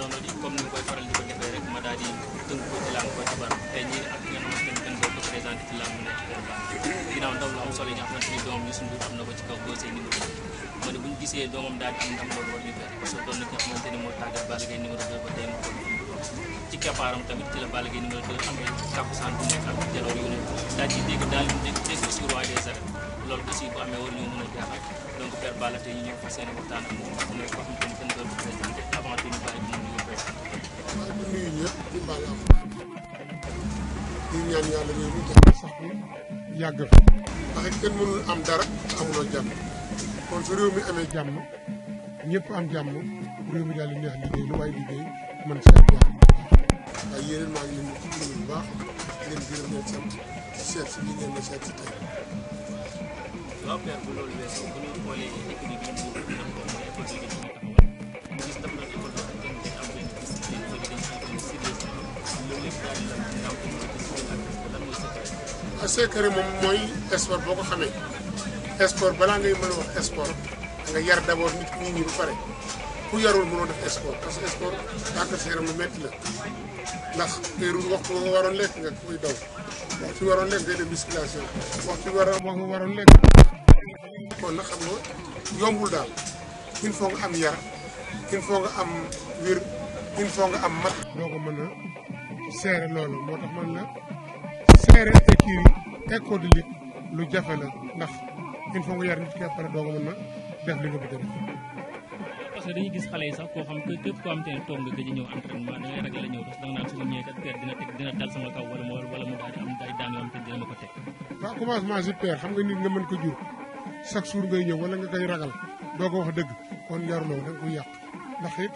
internet yi comme ni nga koy faral di ko defee rek ma daal di tënk ko ci làmb ko ci bar tey ñii ak nga xamante ni gën boo ko présenté ci làmb nekk Verba ginnaaw ndaw la am solo yi nga xamante ni doomam Youssou Ndour am na ko ci kaw Gosé numéro ma ne bu ñu gisee doomam daal di am ndam loolu war ñu fekk parce que doon na ki nga xamante ni moo tàggat Balla Gaye numéro 2 ba tey mu ko ci keppaaram tamit ci la Balla Gaye numéro 2 amee takkusaan bu nekk ak jaloor yu ne daa ci dégg daal di dégg dégg aussi roi des arènes loolu aussi bu amee war ñu mën a jaaxal donc Père Balla tey ñu ñëw fa seen waxtaan ak moom nekk wax ñu ko mu gën a présenté avant tout ñu bàyyi ñëpp di baal am di ñaan yàlla ñoom ñu jàpp sax bi yàgg fi ndax kenn mënul am dara amuloo jàmm kon su réew mi amee jàmm ñëpp am jàmm réew mi daal di neex liggéey lu waaye liggéey mën seet yàq waaye yéeneen maa ngi leen di tudd bu baax di leen gërëm leen seet si li ngeen seet si tey secret moom mooy sport boo ko xamee sport balaa ngay mën a wax sport nga yar d' nit ñi bu pare ku yarul mënoo def sport parce que sport bànqal sa yaram la ndax heure waxtu nga waroon lekk nga koy daw waxtu waroon lekk ngay def musculation waxtu waroon wax nga waroon lekk kon nag xam nga yombul daal il nga am yar il faut nga am nga am mat doo ko mën a seere loolu moo tax man la seere écurie école de lu jafe la ndax il faut nga yar nit ki pare doo nga mën na def li nga bëgg a def. parce que dañuy gis xale yi sax koo xam que képp koo xam te ne toog nga gëj a ñëw entraînement da ngay ragal a ñëw parce que da nga naan daan yoo xam nga jour ngay ñëw wala nga koy ragal doo ko wax dëgg kon yaruloo da nga koy yàq ndax it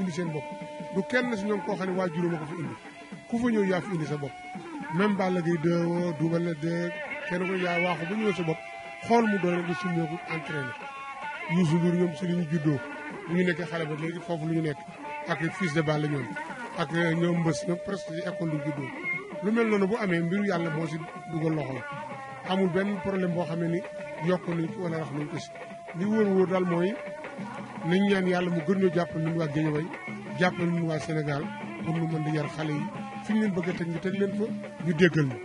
indi seen bopp du kenn si ñoom koo xam a ko fi indi ku fa ñëw yaa fi indi sa bopp même Balla Gaye de woo Double de kenn ko yaay waaxu ba ñëwee sa bopp xool mu doon rek nga summeeku entraîné Youssou Ndour ñoom si li ñu juddoo bu ñu nekkee xale ba léegi foofu lu ñu nekk ak fils de Balla ñoom ak ñoom mbës ñoom presque ci école lu juddoo lu mel noonu bu amee mbiru yàlla moo si dugal loxo la amul benn problème boo xam ne ni yokk nañ ko wala rax nañ ko si li wóor wóor daal mooy nañ ñaan yàlla mu gën ñoo jàpp ñun waa Guédiawaye jàppal ñun waa Sénégal pour ñu mën di yar xale yi fi ñu leen bëgg a teg ñu teg leen fa ñu déggal ñu.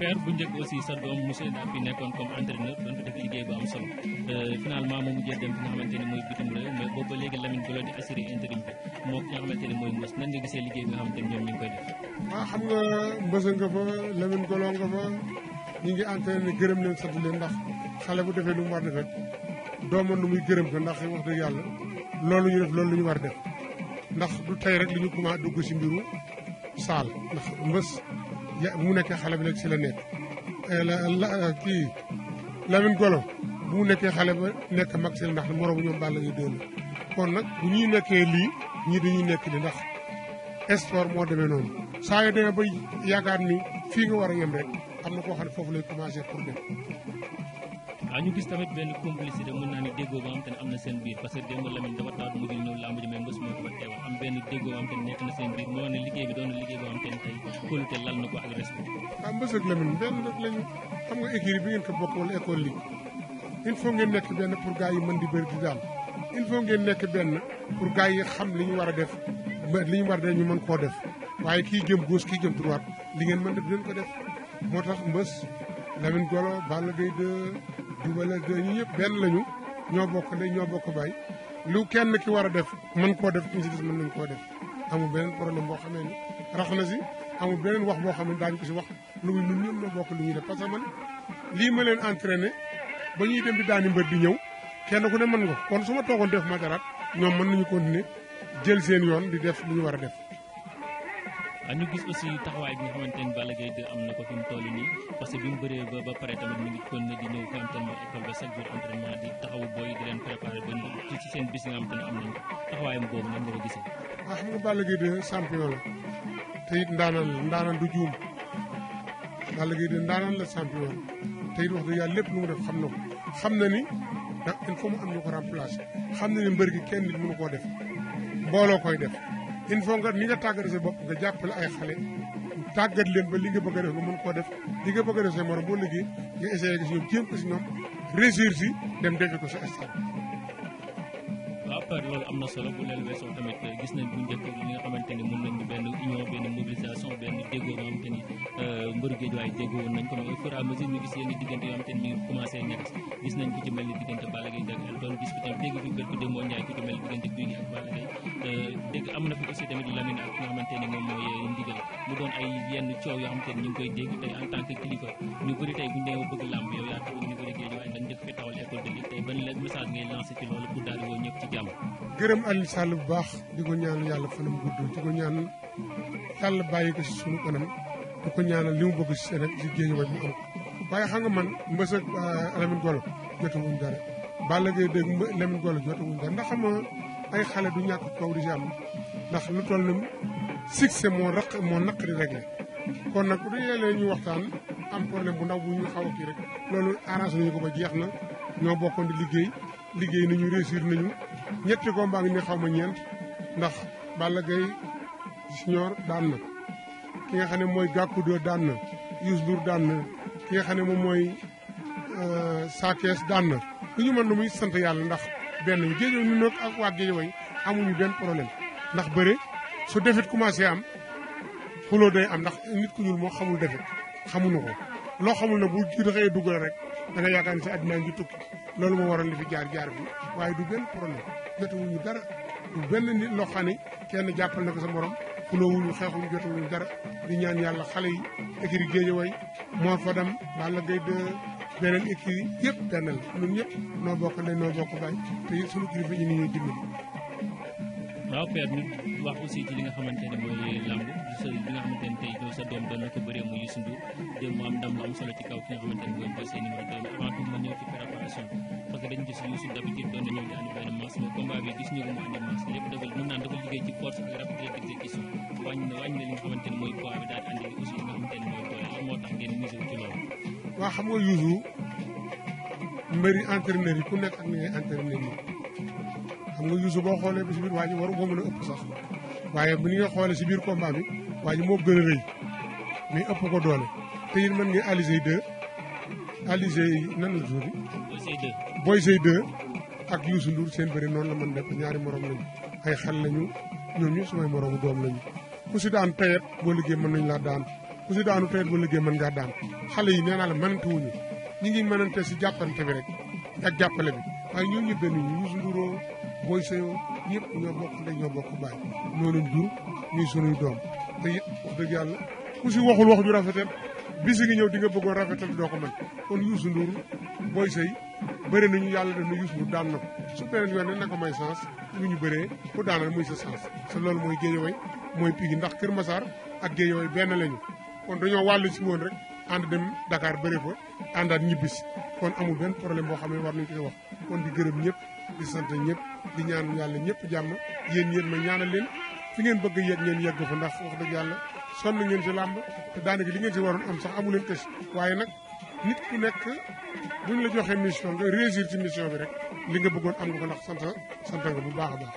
père bu njëkk aussi sa doom monsieur Nda fi nekkoon comme entraîneur doon ko def liggéey bu am solo euh, finalement mu mujjee dem fi nga xamante ne mooy bitim réew mais boobu ba léegi Lamine Golo di assuré intérim bi moo ki nga xamante ne mooy Mbës nan nga gisee liggéey bi nga xamante ne ñoom ñu ngi koy def. waaw ah, xam nga Mbës nga fa Lamine Golo nga fa ñu ngi entraîné gërëm leen sant leen ndax xale bu defee lu mu war def rek doomam nu muy gërëm ko ndax wax dëgg yàlla loolu ñu def loolu lu ñu war def ndax du tey rek li ñu commencé dugg si mbiru saal ndax mbës ya mu nekkee xale bi rek si la nekk eh, la la kii Lamine Golo bu mu nekkee xale ba nekk mag si la ndax moroomu ñoom bàll ñu doon kon nag bu ñuy nekkee lii ñii dañuy nekk di ndax sport moo demee noonu saa yoo ba yaakaar ni fii nga war a yem rek am na koo xam ne foofu lay commencé pour dem waaw ah, ñu gis tamit benn complicité mën naa ne déggoo ba am te am na seen biir parce démb Lamine dafa taat mujj ñëw làmb ji mais mbës moo ko fa nekk na seen biir moo ne liggéey bi doon liggéey boo am te ne tey kóolute lal na ko ak respect. Ah, mbës ak Lamine benn lañu xam nga écurie bi ngeen ko bokk wala li il yi il faut ngeen nekk benn pour gars yi xam li ñu war a def li ñu war a def ñu mën koo def waaye kii jëm gauche kii jëm droite li ngeen mën def leen ko def moo tax mbës dugalante ñu ñëpp benn lañu ñoo bokk day ñoo bokk baay lu kenn ki war a def mën koo def ki ci des mën nañ koo def amul beneen problème boo xamee ni rax na si amul beneen wax boo xam ne daañu ko si wax lu muy ñun ñëpp ñoo bokk lu ñuy def parce que man lii ma leen entraîné ba ñuy dem di daani mbër di ñëw kenn ku ne mën nga kon su ma toogoon def ma daraat ñoom mën nañu continuer jël seen yoon di def lu ñu war a def Ah, ñu gis aussi taxaway bi nga xamante ni Balla Gaye 2 am na ko fi mu toll nii parce que bi mu bëree ba ba pare tamit mi ngi kon di ñëw fi am tan mooy école ba chaque jour entraînement di taxawu booy di leen préparer ba ñu ci seen bis nga xamante ne am nañ ko taxawaayam boobu nan nga ko gisee. waaw ah, xam nga Balla Gaye 2 champion la te it ndaanan la ndaanan du juum Balla Gaye 2 ndaanan la champion la te it wax dëgg yàlla lépp lu mu def xam na ko xam na ni ndax il faut mu am ñu ko remplacer xam na ni mbër gi kenn nit mënu koo def mbooloo koy def. il faut nga ni nga tàggatoo sa bopp nga jappal ay xalé tagal leen ba li nga bëgg def nga mën koo def li nga bëgg def sa morom boo liggéey nga essayer ci si ci ñom résurgir si dem defi ko ci instant à part loolu solo bu leen weesoo tamit gis nañ bu njëkk li nga xamante ni moom lañ benn union benn mobilisation benn déggoo nga xamante ni mbëru géej waaye déggoo woon nañ ko au fur et à mesure ñu gis yenn diggante yoo xamante ni mi ngi commencé nekk gis nañ ko ci mel ni diggante Balla Gaye ak Elton gis ko tamit dégg fi bët ko démboo Ndiaye ci mel diggante Guy gi ak Balla Gaye dégg am fi aussi tamit Lamine ak nga ndigal mu doon ay yenn ñu koy dégg en tant que kilifa ñu bu bëgg yow ñu dañ def fi école de lutte tey ban la message ngay lancé ci loolu pour daal gërëm Aliou Sall bu baax di ko ñaanal yàlla fanam gudd di ko ñaanal yàlla bàyyi ko si sunu kanam di ko ñaan li mu bëgg si Sénégal si géej way mu am waaye xam nga man mbës ak euh, Lamine Golo jotawuñ dara Balla Gaye dégg mba Lamine Golo jotawuñ dara ndax xam nga ay xale du ñàkk kaw di si am ndax lu toll nii succès moo raq moo naq di réglé kon nag bu dee léeg ñu waxtaan am problème bu ndaw bu ñu xaw a rek loolu arrangé nañu ko ba jeex na. ñoo bokkoon di liggéey liggéey nañu réussir nañu ñetti combat ngi ni xaw ma ñeent ndax Balla gay Junior daan na ki nga xam ne mooy Gàkku Do daan na Youssou Ndour daan na ki nga xam ne moom mooy euh, Sakees daan na lu ñu mën na muy sant yàlla ndax benn géejoo ñu nag ak waa géejooy amuñu benn problème ndax bëre su defet commencé am xuloo day am ndax nit ku moo xamul defet xamuñu ko loo xamul na bu ci xëyee dugg rek da nga yaakaar ne sa àddina ngi tukki loolu moo waral li fi jaar jaar bi waaye du benn problème jotewuñu dara du benn nit loo xam ne kenn jàppal na ko sa morom xuloowuñu xeexuñu jotewuñu dara di ñaan yàlla xale yi écurie woy moo fa dem Balla Gaye de beneen écurie yëpp benn la ñun ñëpp noo bokk ndey noo bokk baay te sunu kilifa ñu ni ñuy dimbali waaw père ñu ci li nga xamante ne mooy li nga xamante ne tey sa doom doon na ko bëree muy Youssou Ndour am ndam lu solo ci kaw ki nga xamante ne mooy Boy Sèye numéro avant tout ma ñëw ci préparation parce que dañu gis Youssou d'habitude doon na ñëw di andi benn combat bi gis ñu ko mu andi ci force na na li nga poids bi daal andi aussi nga lan tax ngeen ci xam nga entraîneur yi ku nekk ak ni entraîneur xam nga Youssou boo xoolee ba si biir waa ji waru ko mën a ëpp sax waaye bu ñu nga xoolee si biir combat bi waa ji moo gën a ëpp ko doole te it mën nga Alizé 2 Alizé nan la tudd. Boy Sey 2 ak Youssou seen bëri noonu la mën def ñaari morom lañu ay xal lañu ñoom ñu sumay moromu doom lañu ku si daan tayet boo liggéey mën nañu laa daan ku si daanu tayet boo liggéey mën ngaa daan xale yi nee naa la mënante wuñu ñi ngi mënante si jàppante bi rek ak jàppale bi waaye ñoo ñu benn ñu Youssou Ndour Boy Seye ñëpp ñoo bokk ndey ñoo bokk baay ñoo leen jur ñuy sunuy doom te it wax dëgg yàlla ku si waxul wax ju rafetal ñëw di nga bëggoon rafetal doo ko mën kon Youssou Ndour Boy Seye bëri nañu yàlla def na Youssou Ndour daan na ko su beneen yoon na ko may sens ñu ñu bëree ku daanal muy sa sens sa loolu mooy Guédiawaye mooy Pikine ndax Kër Massar ak Guédiawaye benn lañu kon dañoo wàll si woon rek ànd dem Dakar bëri fa àndaat ñibbis kon amul benn problème boo xam ne war nañu ko wax kon di gërëm ñëpp di sant ñëpp di ñaanu yàlla ñëpp jàmm yéen yéen ma ñaanal leen fi ngeen bëgg yegg ngeen yegg fa ndax li ngeen si waroon am sax amu leen tës waaye nag la joxee mission nga réussir ci mission bi rek li nga am nga ko ndax sant sant nga bu baax a baax.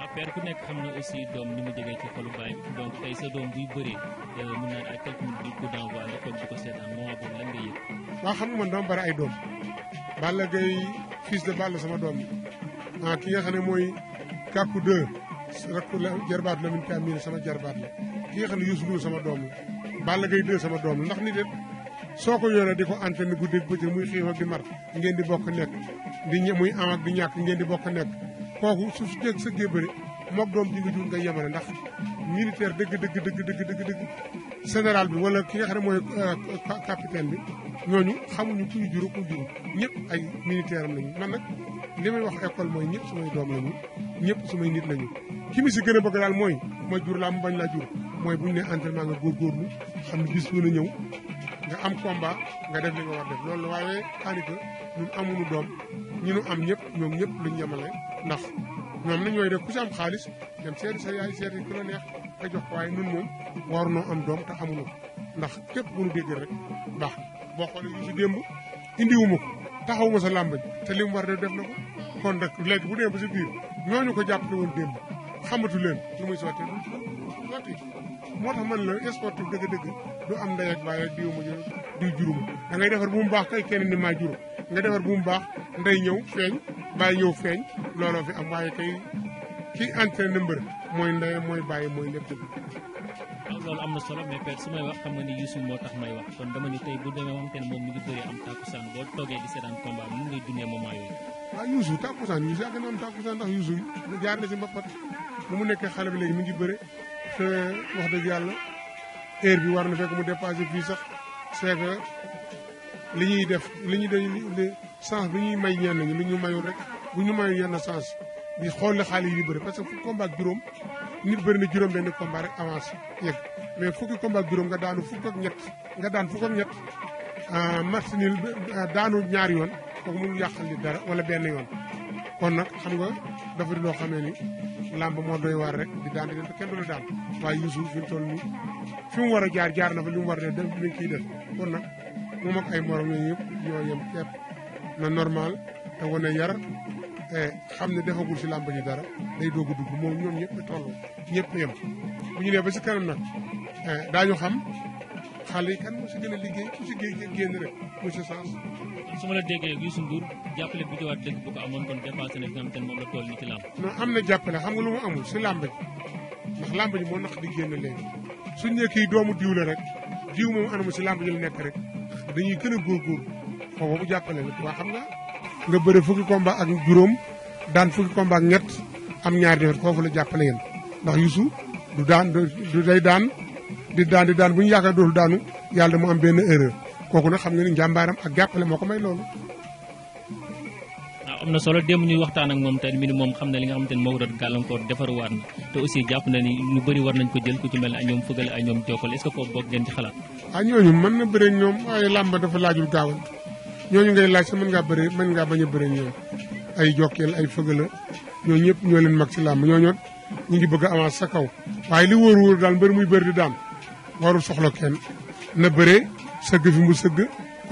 Ah, père ku nekk xam na aussi doom ni mu jógee ci xolu baay bi donc tey sa doom buy bëree euh, mun naan ak quelques minutes coup d'envoi nga toog di ko seetaan moment boobu lan nga yëg. waaw xam nga man dama bari ay doom. Balla Gaye fils de Balla sama doom ah ki nga xam ne mooy kàkku sa rakku la jarbaat la min kaamil sama jarbaat la ki nga xam ne Youssou sama doom la Balla Gaye deux sama doom ndax nit soo ko yoree di ko antenne guddeeg bëccëg muy xiif ak di mar ngeen di bokk nekk di muy am ak di ñàkk ngeen di bokk nekk kooku su su dégg sa gébbëri moog doom ji nga jur nga yemale ndax militaire dëgg dëgg dëgg dëgg dëgg dëgg général bi wala ki nga xam ne mooy euh, capitaine bi ñooñu xamuñu kuy juru ku juru ñëpp ay militaire am lañu man nag li may wax école mooy ñëpp sumay doom lañu ñëpp sumay nit lañu ki mi si gën a bëgg daal mooy ma jur laa mu bañ laa jur mooy bu ñu ne entraînement nga góorgóorlu xam ne bis bu na ñëw nga am combat nga def li nga war def loolu la waaye daanaka ñun amuñu doom ñi nu am ñëpp ñoom ñëpp lañu yemale ndax ñoom na ñooy def ku si am xaalis dem seeti sa yaay seeti ku la neex ay jox ko waaye nun moom war am doom te amuñu ndax képp bu ñu dégg rek baax boo xoolee yu si démb indiwuma ko taxaw ma sa làmb te li mu war de def na ko kon nag léegi bu dee ba si biir ñooñu ko jàppale woon démb xamatu leen lu muy sottee duñ ci sotti moo tax man la sportif dëgg-dëgg du am ndey ak baay ak diw ma ñëw diw juruma da defar bu mu baax kay kenn ni maa juru nga defar bu mu baax ndey ñëw feeñ baa ñëw feeñ looloo fi am waaye kay kii mooy ndeyam mooy bàyyi mooy lépp. loolu am na solo mais père su may wax xam nga ni Youssou moo tax may wax kon dama ni tey bu demee moom kenn moom mi ngi bëri am takkusaan mu ah, na am si mbapat mu nekkee xale bi léegi mu ngi bëre te wax dëgg yàlla heure bi war na fekk mu dépassé fii sax c'est que li ñuy def li ñu dañ li sens bi ñuy may ñenn ñi li ñu mayul rek bu ñu mayul yenn sens di xool la xale yi di bëri parce que fukki combat ak juróom nit bëri na juróom benn combat rek avance yegg mais fukki combat ak juróom nga daanu fukk ak ñett nga daan fukk ak ñett euh, match nil euh, daanu ñaari yoon kooku mënul yàqal li dara wala benn yoon kon nag xam nga dafa di loo xamee ni làmb moo doy waar rek di daan di leen kenn du la daan waaye Youssouf fi mu fi mu war a jaar jaar na fa li mu war a def def li kii def kon nag moom ak ay moroom yooyu yëpp ñoo yem kepp na normal xamne defagul ci làmb ji dara day dogu dug dugg moom ñepp ñëpp tolloo ñëpp yem bu ñu nee ba ci kanam nak nag daañu xam xali kan moo ci gën a liggéey ci si géej génn rek monsieur Sass. su ma la yu Youssou Ndour jàppale bu jëwaat dëgg bu ko amon kon dépassé nek fi tan mom la toll ni ci lamb non amna na xam nga lu mu amul ci lamb ji ndax lamb ji mo nak di génn léegi suñ ne kii doomu diiw la rek diiw moom anamu ci lamb ji la nek rek dañuy gën goor góorgóorlu foofu bu jàppale la waa xam nga nga bëre fukki combat ak juróom daan fukki combat ak ñett am ñaari defet foofu la jàppale yéen ndax yusu du daan du day daan di daan di daan bu ñu yaakaar dootul daanu yàlla mu am benn erreur kooku nag xam nga ni njàmbaaram ak jàppale moo ko may loolu. waaw ah, am na solo dem ñuy waxtaan ak moom tey mi ni moom xam na li nga xamante ni moo ko doon gàllankoor defaruwaat na te aussi jàpp na ni ñu bëri war nañ ko jël ku ci mel ne ay ñoom fëgale ay ñoom jokkal est-ce que koo bokk ngeen ci xalaat. ah ñooñu mën na bëre ñoom ay làmb dafa laajul gaawal ñooñu ngay laaj sa mën ngaa bëri mën ngaa bañ a bëri ñoom ay jokkeel ay fëgala ñooñu ñëpp ñoo leen mag ci làmb ñooñu ñu ngi bëgg a sa kaw waaye li wóor wóor daal mbër muy bëri di daan waru soxla kenn na bëre sëgg fi mu sëgg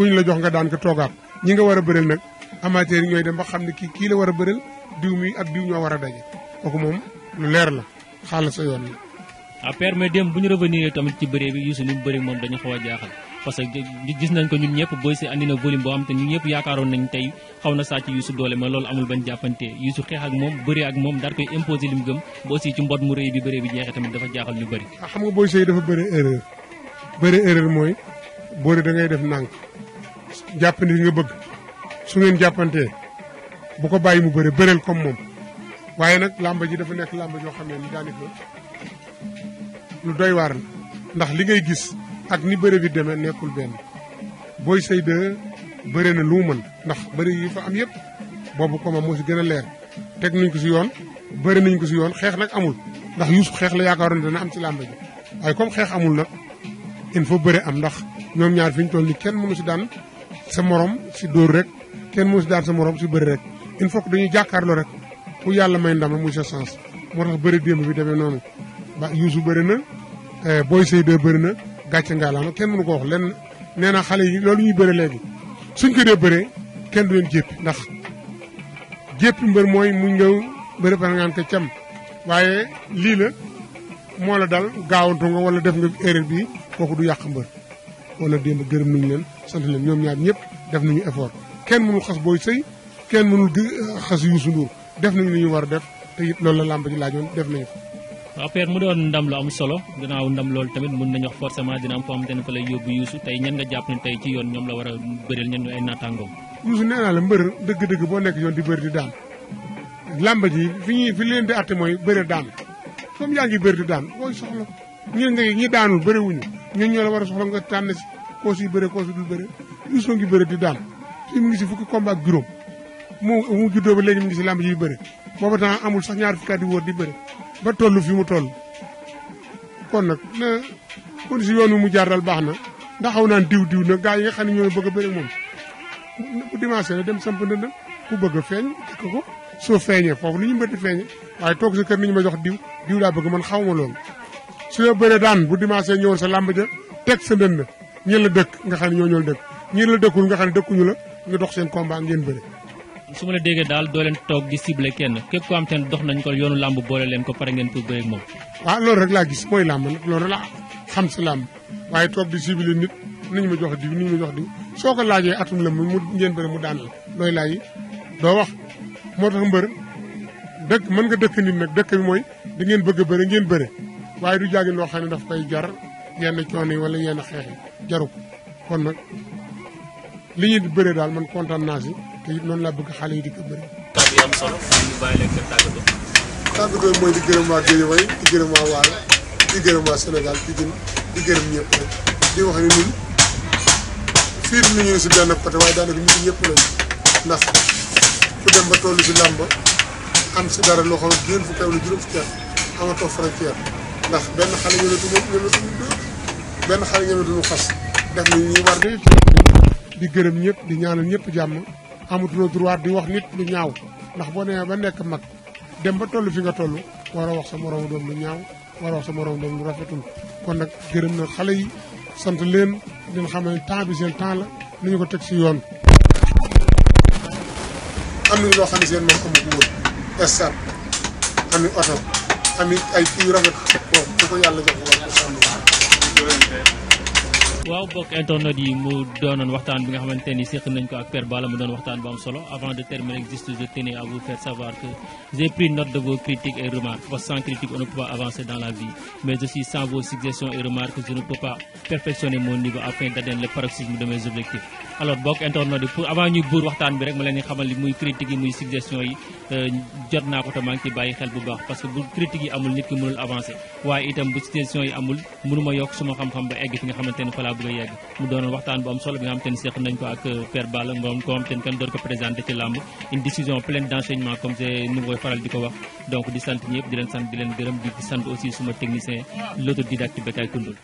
ñu la jox nga daan ko toogaat ñi nga war a bëril nag amateur yi ñooy dem ba xam ne kii kii la war a bëril diw mi ak diw ñoo war a daje kooku moom lu leer la xaalis sa yoon la. à ah, dem bu ñu revenir tamit ci bëre bi Youssou ni bëri moom dañu xaw a jaaxal. parce que gis nañ ko ñun ñëpp Boy Seye andi na volume boo xam te ñun ñëpp yaakaaroon nañ tey xaw na sàcc Youssou doole ma loolu amul benn jàppante Youssou xeex ak moom bëri ak moom daal koy imposé li gëm ba aussi ci mbot mu rëy bi bëree bi jeexee tamit dafa jaaxal ñu bëri. ah xam nga Boy Seye dafa bëri erreur bëri erreur mooy boori da ngay def nànk jàppandi li nga bëgg su ngeen jàppantee bu ko bàyyi mu bëri bëreel comme moom waaye nag làmba ji dafa nekk làmba joo xam ne ni daanaka lu doy waar ak ni bëre bi demee nekkul benn Boy Seye 2 bëre na lu mën ndax bëre yi fa am yëpp boobu ko ma moo si gën a leer teg nañ ko si yoon bëri nañ ko si yoon xeex nag amul ndax Youssou xeex la yaakaaroon dana am si làmb ji waaye comme xeex amul nag il faut bëre am ndax ñoom ñaar fi ñu toll ni kenn mënu si daan sa morom si dóor rek kenn mënu si daan sa morom si bëri rek il faut que dañuy jàkkaarloo rek ku yàlla may ndam muy sa sens moo tax bëri démb bi demee noonu ba Youssou bëri na eh, Boy Seye 2 na gàcce ngaalaama kenn mënu ko wax lenn nee na xale yi loolu ñuy bëre léegi suñ ko dee kenn du leen jéppi ndax jéppi mbër mooy muñ nga bëri par ngaan ko cam waaye lii la moo la dal gaawantu nga wala def nga erreur bi kooku du yàq mbër wala démb gërëm nañu leen sant leen ñoom ñaar ñëpp def ñu effort kenn mënul xas booy sëy kenn mënul xas Youssou Ndour def nañu li ñu war a def te it loolu la làmb ji laajoon def nañu ko affaire mu doon ndam lu am solo gannaaw ndam loolu tamit mën nañ wax forcément dina am foo xamante ne fa lay yóbbu Youssou tey ñan nga jàpp ne tey ci yoon ñoom la war a bëreel ñan ay naataangoom Youssou nee naa la mbër dëgg-dëgg boo nekk yoon di bëri di daan làmb ji fi ñuy fi leen di atte mooy bëri daan comme yaa ngi bëri di daan koy soxla ñun nga ñi daanul bëri wuñu ñun ñoo la war a soxla nga tànn si koo si bëri koo si du bëri Youssou ngi bëri di daan fi mu ngi si fukki combat ak juróom mu mu juddoo ba léegi mu ngi si làmb ji bëri booba temps amul sax ñaar fukkaat di wóor di bëri ba tollu fi mu toll kon nag na kon si yoonu mu jaaral dal baax na ndax xaw naan diw diw na gaa yi nga xam ne ñoo bëgg a bëri moom bu dimanche na dem samp ndëndam ku bëgg a feeñ dëkk ko soo feeñee foofu lu ñu mbëtt feeñe waaye toog sa kër ni ñu ma jox diw diw laa bëgg man xawma loolu su la bëre daan bu dimanche ñëwoon sa lamb ja teg sa ndënd ñi la dëkk nga xam ne ñoo ñoo dëkk ñi la dëkkul nga xam ne dëkkuñu la nga dox seen combat ngeen bëri su ma la déggee daal doo leen toog di ciblé kenn képp ko am teen dox nañ ko yoonu làmb boole leen ko pare ngeen ko bëreeg moom. waaw loolu rek laa gis mooy làmb nag loolu laa xam si làmb waaye toog di ciblé nit nañu ma jox diw nañu ma jox diw soo ko laajee atum la mu ngeen bëre mu daan la looy laaj doo wax moo tax mbër dëkk mën nga dëkk nit nag dëkk bi mooy di ngeen bëgg a bëri ngeen bëri waaye du jaagin loo xam ne daf koy jar yenn coono yi wala yenn xeex yi jaru ko kon nag li ñuy bëree daal man kontaan naa si noonu laa bëgg xale yi di ko bëri. kàddu yi am solo ñu bàyyi leen kër tàggatoo. tàggatoo mooy di gërëm waa Guédiawaye di gërëm waa Waalo di gërëm waa Sénégal di gën di gërëm ñëpp di wax ne ñun ñaanal ñëpp jàmm. amatuloo droit di wax nit lu ñaaw ndax bo nee ba nek mag dem ba tollu fi nga tollu wara wax sa morom doom lu ñaaw wara wax sa morom doom lu rafetul kon nak gërëm na xalé yi sant leen ñu xamé temps bi seen temps la ñu ko tek ci yoon. am nañu loo seen ne ko mu amu estat am stade auto am ami ay fi rafet ko ko yalla jox wala waaw bokk internet yi mu doonoon waxtaan bi nga xamante ni seq nañ ko ak Père Balla mu doon waxtaan bu am solo avant de terminer juste je tenais à vous faire savoir que j'ai pris note de vos critiques et remarques parce sans critique on ne pas avancer dans la vie mais aussi sans vos suggestions et remarques je ne peux pas perfectionner mon niveau afin d'atteindre le paroxysme de mes objectifs alors bokk internet yi pour avant ñuy buur waxtaan bi rek bëgg a yegg mu doonoon waxtaan bu am solo bi nga xam te ne seq nañ ko ak euh, Père Balla Ngom ko xam te ne kenn door ko présenté ci làmb une décision pleine d' enseignement comme c'est nu koy faral di ko wax donc di sant ñëpp di leen sant di leen gërëm di sant aussi suma technicien l'autodidacte Bekay Koundoul